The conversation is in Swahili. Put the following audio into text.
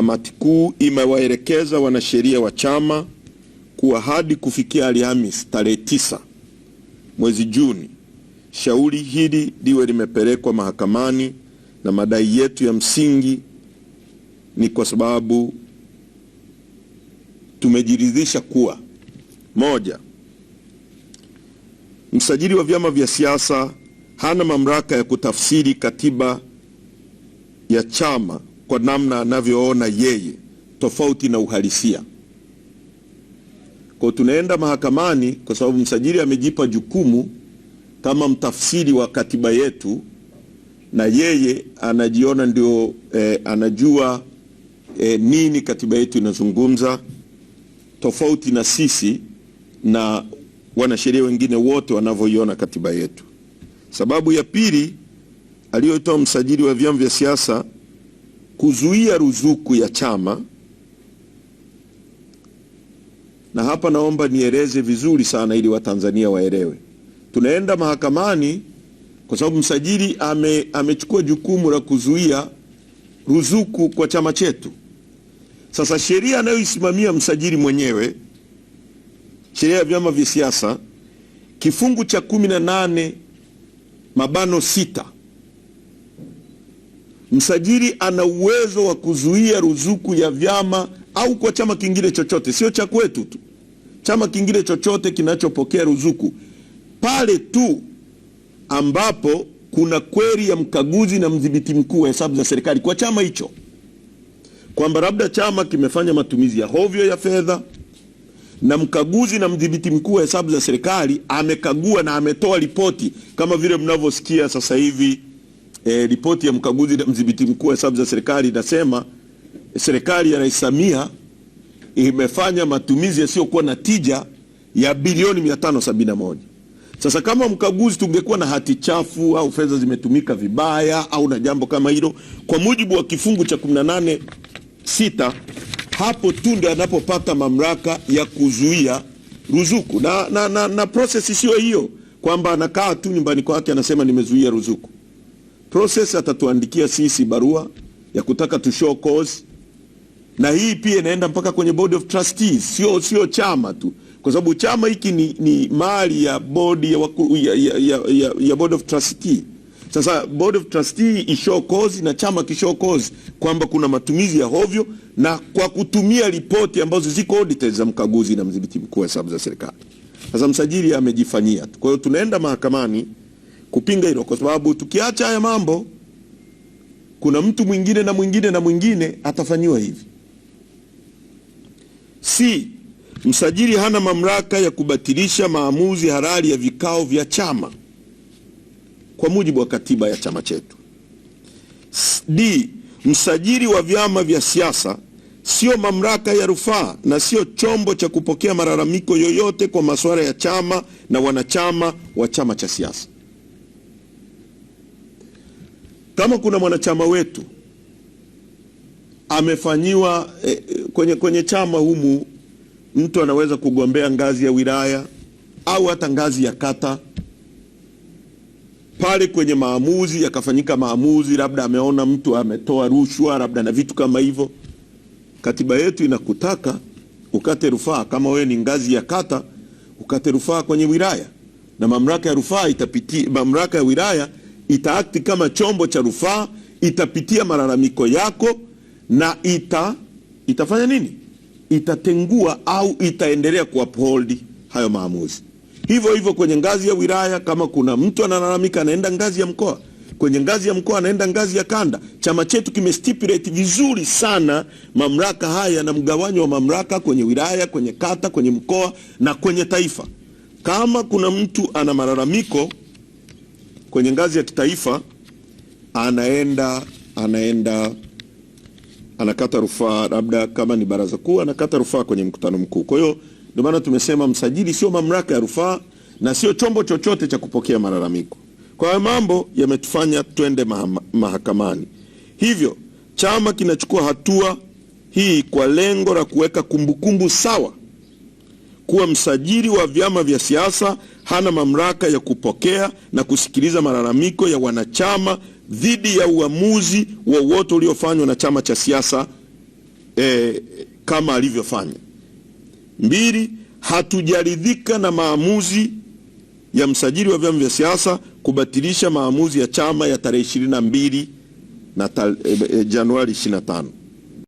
Kamati kuu imewaelekeza wanasheria wa chama kuwa hadi kufikia Alhamisi tarehe tisa mwezi Juni, shauri hili liwe limepelekwa mahakamani na madai yetu ya msingi ni kwa sababu tumejiridhisha kuwa moja, msajili wa vyama vya siasa hana mamlaka ya kutafsiri katiba ya chama kwa namna anavyoona yeye, tofauti na uhalisia. Kwa tunaenda mahakamani kwa sababu msajili amejipa jukumu kama mtafsiri wa katiba yetu, na yeye anajiona ndio eh, anajua eh, nini katiba yetu inazungumza, tofauti na sisi na wanasheria wengine wote wanavyoiona katiba yetu. Sababu ya pili aliyotoa msajili wa vyama vya siasa kuzuia ruzuku ya chama. Na hapa naomba nieleze vizuri sana ili Watanzania waelewe, tunaenda mahakamani kwa sababu msajili ame, amechukua jukumu la kuzuia ruzuku kwa chama chetu. Sasa sheria anayoisimamia msajili mwenyewe, sheria ya vyama vya siasa kifungu cha kumi na nane mabano sita Msajili ana uwezo wa kuzuia ruzuku ya vyama au kwa chama kingine chochote, sio cha kwetu tu, chama kingine chochote kinachopokea ruzuku, pale tu ambapo kuna kweli ya mkaguzi na mdhibiti mkuu wa hesabu za serikali kwa chama hicho, kwamba labda chama kimefanya matumizi ya hovyo ya fedha, na mkaguzi na mdhibiti mkuu wa hesabu za serikali amekagua na ametoa ripoti, kama vile mnavyosikia sasa hivi e, ripoti ya mkaguzi na mdhibiti mkuu wa hesabu za serikali inasema serikali ya Rais Samia imefanya matumizi yasiyokuwa na tija ya bilioni 571. Sasa kama mkaguzi tungekuwa na hati chafu au fedha zimetumika vibaya au na jambo kama hilo, kwa mujibu wa kifungu cha 18 sita, hapo tu ndio anapopata mamlaka ya kuzuia ruzuku na, na, na, na process sio hiyo kwamba anakaa tu nyumbani kwake anasema nimezuia ruzuku process atatuandikia sisi barua ya kutaka to show cause, na hii pia inaenda mpaka kwenye board of trustees, sio sio chama tu, kwa sababu chama hiki ni, ni mali ya board ya, waku, ya, ya, ya, ya, ya board of trustees. Sasa board of trustee ishow cause na chama kishow cause kwamba kuna matumizi ya hovyo, na kwa kutumia ripoti ambazo ziko audited za mkaguzi na mdhibiti mkuu wa hesabu za serikali. Sasa msajili amejifanyia. Kwa hiyo tunaenda mahakamani kupinga hilo, kwa sababu tukiacha haya mambo, kuna mtu mwingine na mwingine na mwingine atafanyiwa hivi. Si msajili hana mamlaka ya kubatilisha maamuzi halali ya vikao vya chama kwa mujibu wa katiba ya chama chetu. D. Msajili wa vyama vya siasa sio mamlaka ya rufaa na sio chombo cha kupokea malalamiko yoyote kwa masuala ya chama na wanachama wa chama cha siasa. Kama kuna mwanachama wetu amefanyiwa eh, kwenye, kwenye chama humu mtu anaweza kugombea ngazi ya wilaya au hata ngazi ya kata. Pale kwenye maamuzi yakafanyika maamuzi, labda ameona mtu ametoa rushwa, labda na vitu kama hivyo, katiba yetu inakutaka ukate rufaa. Kama wewe ni ngazi ya kata, ukate rufaa kwenye wilaya, na mamlaka ya rufaa itapitia, mamlaka ya wilaya itaakti kama chombo cha rufaa, itapitia malalamiko yako na ita itafanya nini? Itatengua au itaendelea kuuphold hayo maamuzi. Hivyo hivyo kwenye ngazi ya wilaya, kama kuna mtu analalamika, anaenda ngazi ya mkoa, kwenye ngazi ya mkoa anaenda ngazi ya kanda. Chama chetu kimestipulate vizuri sana mamlaka haya na mgawanyo wa mamlaka kwenye wilaya, kwenye kata, kwenye mkoa na kwenye taifa. Kama kuna mtu ana malalamiko kwenye ngazi ya kitaifa anaenda anaenda anakata rufaa, labda kama ni baraza kuu anakata rufaa kwenye mkutano mkuu. Kwa hiyo ndio maana tumesema msajili sio mamlaka ya rufaa na sio chombo chochote cha kupokea malalamiko. Kwa hiyo mambo yametufanya twende maha, mahakamani. Hivyo chama kinachukua hatua hii kwa lengo la kuweka kumbukumbu sawa kuwa msajili wa vyama vya siasa hana mamlaka ya kupokea na kusikiliza malalamiko ya wanachama dhidi ya uamuzi wowote uliofanywa na chama cha siasa e, kama alivyofanya. Mbili, hatujaridhika na maamuzi ya msajili wa vyama vya siasa kubatilisha maamuzi ya chama ya tarehe 22 na tar, e, e, Januari 25.